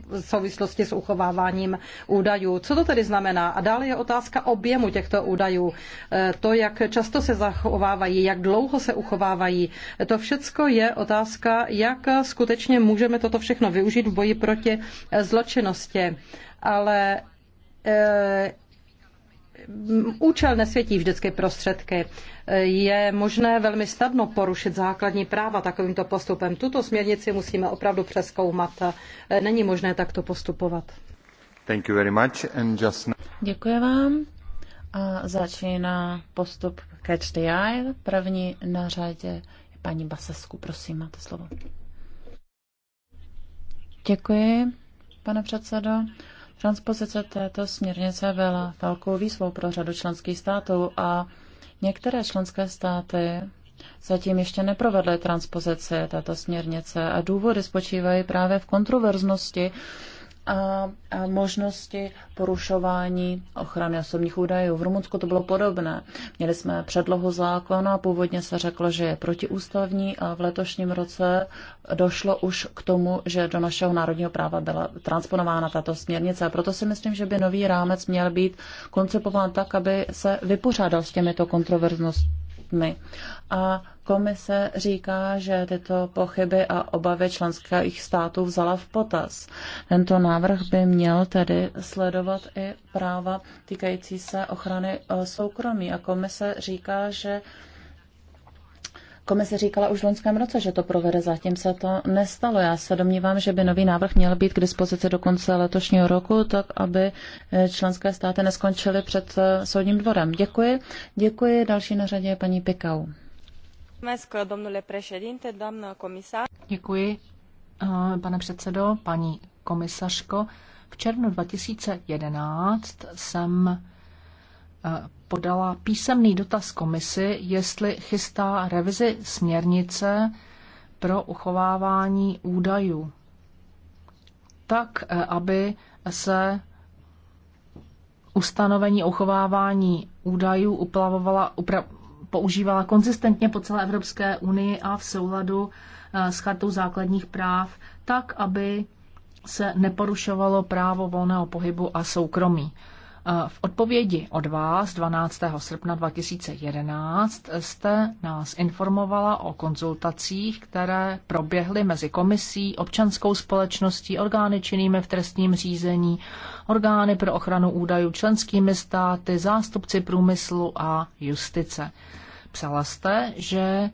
v souvislosti s uchováváním údajů. Co to tedy znamená? A dále je otázka objemu těchto údajů. E, to, jak často se zachovávají, jak dlouho se uchovávají, to všecko je otázka, jak skutečně můžeme toto všechno využít v boji proti zločinnosti. Ale e, účel nesvětí vždycky prostředky. Je možné velmi snadno porušit základní práva takovýmto postupem. Tuto směrnici musíme opravdu přeskoumat. Není možné takto postupovat. Thank you very much and just... Now... Děkuji vám. A začíná postup Catch the Eye. První na řadě je paní Basesku. Prosím, máte slovo. Děkuji, pane předsedo. Transpozice této směrnice byla velkou výzvou pro řadu členských států a některé členské státy zatím ještě neprovedly transpozici této směrnice a důvody spočívají právě v kontroverznosti a možnosti porušování ochrany osobních údajů. V Rumunsku to bylo podobné. Měli jsme předlohu zákona, původně se řeklo, že je protiústavní a v letošním roce došlo už k tomu, že do našeho národního práva byla transponována tato směrnice. A proto si myslím, že by nový rámec měl být koncipován tak, aby se vypořádal s těmito kontroverznostmi dětmi. A komise říká, že tyto pochyby a obavy členských států vzala v potaz. Tento návrh by měl tedy sledovat i práva týkající se ochrany eh, soukromí. A komise říká, že Komise říkala už v loňském roce, že to provede, zatím se to nestalo. Já se domnívám, že by nový návrh měl být k dispozici do konce letošního roku, tak aby eh, členské státy neskončily před eh, soudním dvorem. Děkuji. Děkuji. Další na řadě je paní Pikau. Děkuji, eh, pane předsedo, paní komisařko. V červnu 2011 jsem Eh, podala písemný dotaz komisi, jestli chystá revizi směrnice pro uchovávání údajů, tak eh, aby se ustanovení uchovávání údajů uplavovala, upra, používala konzistentně po celé Evropské unii a v souladu eh, s chartou základních práv, tak aby se neporušovalo právo volného pohybu a soukromí. V odpovědi od vás 12. srpna 2011 jste nás informovala o konzultacích, které proběhly mezi komisí, občanskou společností, orgány činnými v trestním řízení, orgány pro ochranu údajů členskými státy, zástupci průmyslu a justice. Psala jste, že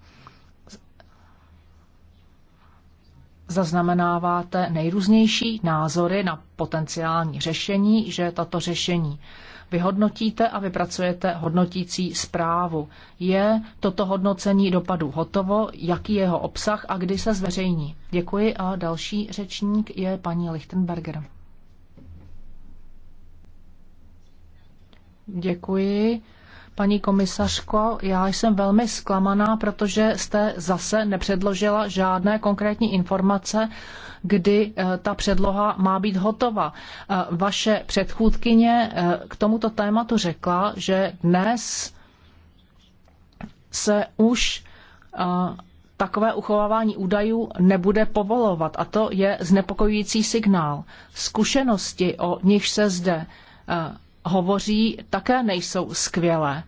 zaznamenáváte nejrůznější názory na potenciální řešení, že tato řešení vyhodnotíte a vypracujete hodnotící zprávu. Je toto hodnocení dopadu hotovo, jaký jeho obsah a kdy se zveřejní? Děkuji a další řečník je paní Lichtenberger. Děkuji. Paní komisařko, já jsem velmi zklamaná, protože jste zase nepředložila žádné konkrétní informace, kdy eh, ta předloha má být hotova. Eh, vaše předchůdkyně eh, k tomuto tématu řekla, že dnes se už takové uchovávání údajů nebude povolovat a to je znepokojující signál. Zkušenosti, o nich se zde hovoří, také nejsou skvělé.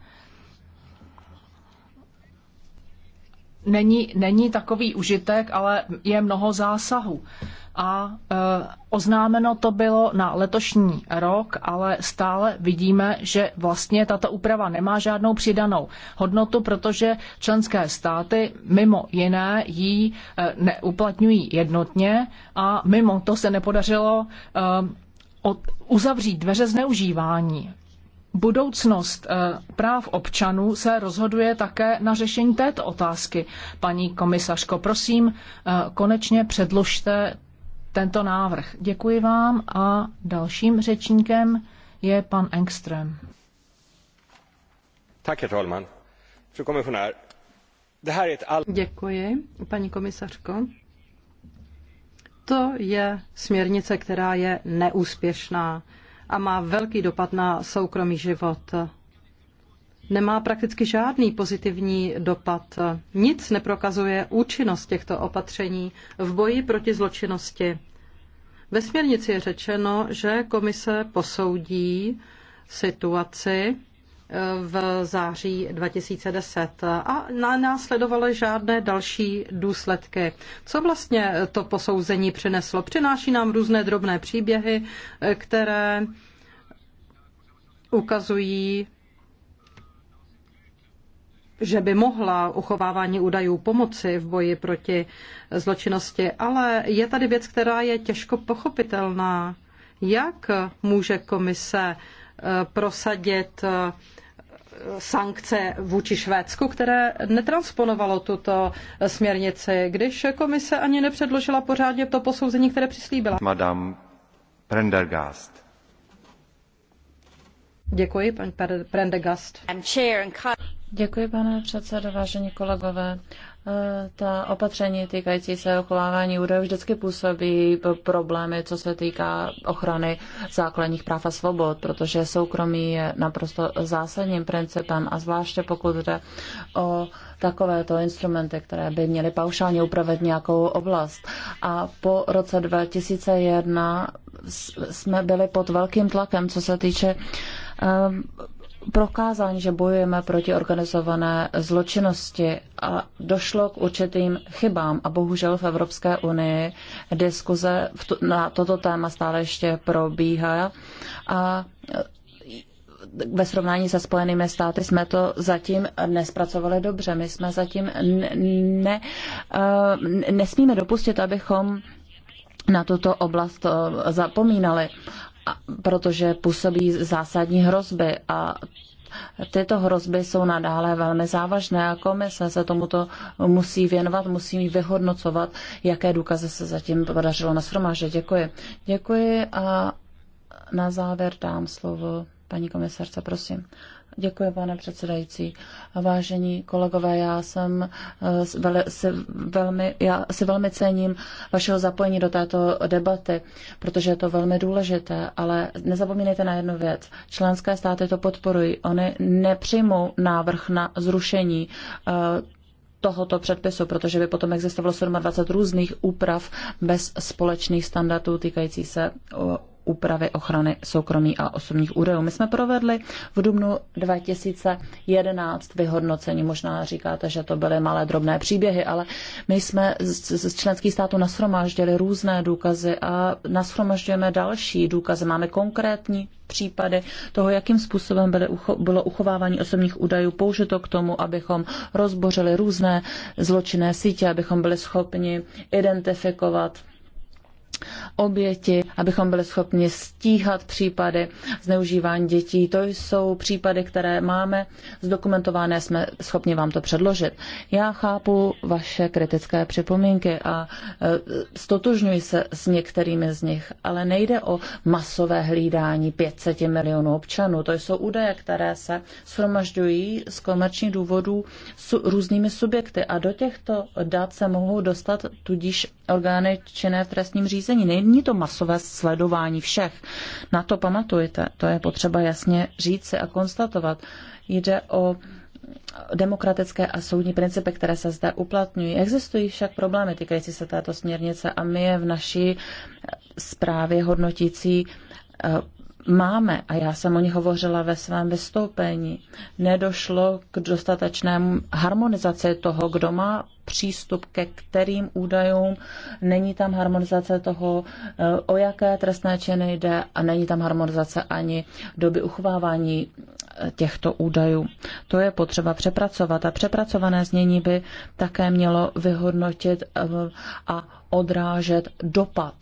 Není, není takový užitek, ale je mnoho zásahů. A e, oznámeno to bylo na letošní rok, ale stále vidíme, že vlastně tato úprava nemá žádnou přidanou hodnotu, protože členské státy mimo jiné ji e, neuplatňují jednotně a mimo to se nepodařilo e, od, uzavřít dveře zneužívání. Budoucnost eh, práv občanů se rozhoduje také na řešení této otázky. Paní komisařko, prosím, eh, konečně předložte tento návrh. Děkuji vám a dalším řečníkem je pan Engström. Děkuji, paní komisařko. To je směrnice, která je neúspěšná a má velký dopad na soukromý život. Nemá prakticky žádný pozitivní dopad. Nic neprokazuje účinnost těchto opatření v boji proti zločinnosti. Ve směrnici je řečeno, že komise posoudí situaci v září 2010 a následovaly žádné další důsledky. Co vlastně to posouzení přineslo? Přináší nám různé drobné příběhy, které ukazují, že by mohla uchovávání údajů pomoci v boji proti zločinnosti, ale je tady věc, která je těžko pochopitelná. Jak může komise eh, prosadit eh, sankce vůči Švédsku, které netransponovalo tuto směrnici, když komise ani nepředložila pořádně to posouzení, které přislíbila. Madame Prendergast. Děkuji, paní Prendergast. Děkuji, pane předsedo, vážení kolegové ta opatření týkající se ochovávání údajů vždycky působí problémy, co se týká ochrany základních práv a svobod, protože soukromí je naprosto zásadním principem a zvláště pokud jde o takovéto instrumenty, které by měly paušálně upravit nějakou oblast. A po roce 2001 jsme byli pod velkým tlakem, co se týče um, prokázán, že bojujeme proti organizované zločinnosti a došlo k určitým chybám a bohužel v Evropské unii diskuze na toto téma stále ještě probíhá a e, ve srovnání se Spojenými státy jsme to zatím nespracovali dobře. My jsme zatím ne, ne, nesmíme dopustit, abychom na tuto oblast e, zapomínali protože působí zásadní hrozby a Tyto hrozby jsou nadále velmi závažné a komise se tomuto musí věnovat, musí vyhodnocovat, jaké důkazy se zatím podařilo nasromážet. Děkuji. Děkuji a na závěr dám slovo paní komisarce, prosím. Děkuji, pane předsedající. Vážení kolegové, já jsem eh, si velmi, já si velmi cením vašeho zapojení do této debaty, protože je to velmi důležité, ale nezapomínejte na jednu věc. Členské státy to podporují. Oni nepřijmou návrh na zrušení eh, tohoto předpisu, protože by potom existovalo 27 různých úprav bez společných standardů týkající se úpravy ochrany soukromí a osobních údajů. My jsme provedli v dubnu 2011 vyhodnocení. Možná říkáte, že to byly malé drobné příběhy, ale my jsme z, z členských států nashromáždili různé důkazy a nashromažďujeme další důkazy. Máme konkrétní případy toho, jakým způsobem byly, bylo uchovávání osobních údajů použito k tomu, abychom rozbořili různé zločinné sítě, abychom byli schopni identifikovat oběti, abychom byli schopni stíhat případy zneužívání dětí. To jsou případy, které máme zdokumentované, jsme schopni vám to předložit. Já chápu vaše kritické připomínky a e, stotožňuji se s některými z nich, ale nejde o masové hlídání 500 milionů občanů. To jsou údaje, které se shromažďují z komerčních důvodů s různými subjekty a do těchto dat se mohou dostat tudíž orgány činné v trestním řízení. Není to masové sledování všech. Na to pamatujte. To je potřeba jasně říci a konstatovat. Jde o demokratické a soudní principy, které se zde uplatňují. Existují však problémy týkající se této směrnice a my je v naší zprávě hodnotící eh, máme, a já jsem o nich hovořila ve svém vystoupení, nedošlo k dostatečnému harmonizaci toho, kdo má přístup ke kterým údajům, není tam harmonizace toho, eh, o jaké trestné činy jde a není tam harmonizace ani doby uchovávání eh, těchto údajů. To je potřeba přepracovat a přepracované znění by také mělo vyhodnotit eh, a odrážet dopad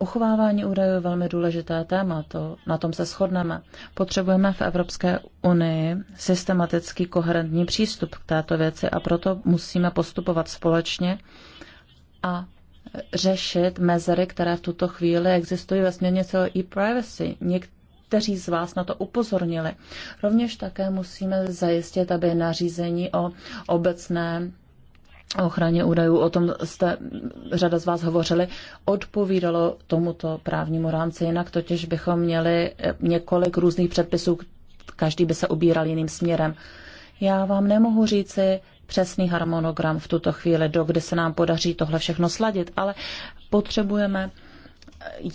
Uchovávání údajů je velmi důležité téma, to, na tom se shodneme. Potřebujeme v Evropské unii systematický koherentní přístup k této věci a proto musíme postupovat společně a řešit mezery, které v tuto chvíli existují ve směrnici o e-privacy. Někteří z vás na to upozornili. Rovněž také musíme zajistit, aby nařízení o obecné o ochraně údajů, o tom jste řada z vás hovořili, odpovídalo tomuto právnímu rámci. Jinak totiž bychom měli eh, několik různých předpisů, každý by se ubíral jiným směrem. Já vám nemohu říci přesný harmonogram v tuto chvíli, do kdy se nám podaří tohle všechno sladit, ale potřebujeme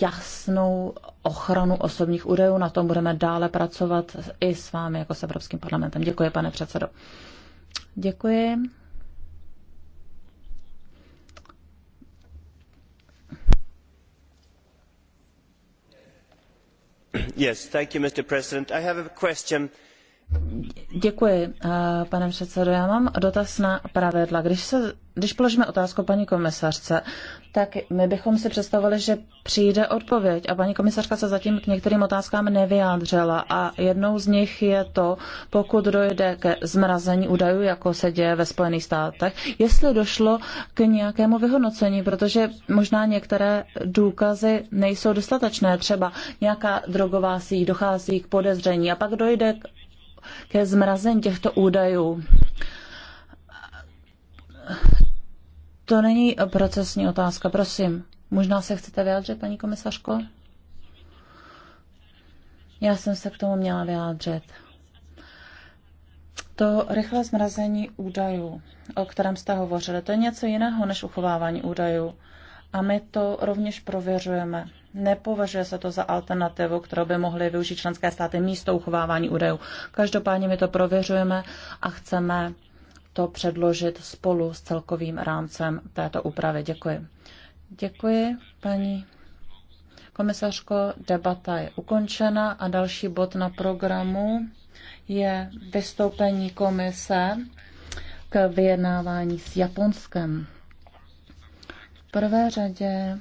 jasnou ochranu osobních údajů. Na tom budeme dále pracovat i s vámi jako s Evropským parlamentem. Děkuji, pane předsedo. Děkuji. Děkuji, eh, pane předsedo. Já mám dotaz na pravidla. Když se když položíme otázku paní komisařce, tak my bychom si představovali, že přijde odpověď a paní komisařka se zatím k některým otázkám nevyjádřila a jednou z nich je to, pokud dojde ke zmrazení údajů, jako se děje ve Spojených státech, jestli došlo k nějakému vyhodnocení, protože možná některé důkazy nejsou dostatečné, třeba nějaká drogová síť dochází k podezření a pak dojde ke zmrazení těchto údajů to není procesní otázka, prosím. Možná se chcete vyjádřit, paní komisařko? Já jsem se k tomu měla vyjádřit. To rychlé zmrazení údajů, o kterém jste hovořili, to je něco jiného než uchovávání údajů. A my to rovněž prověřujeme. Nepovažuje se to za alternativu, kterou by mohly využít členské státy místo uchovávání údajů. Každopádně my to prověřujeme a chceme to předložit spolu s celkovým rámcem této úpravy. Děkuji. Děkuji, paní komisařko. Debata je ukončena a další bod na programu je vystoupení komise k vyjednávání s Japonskem. V prvé řadě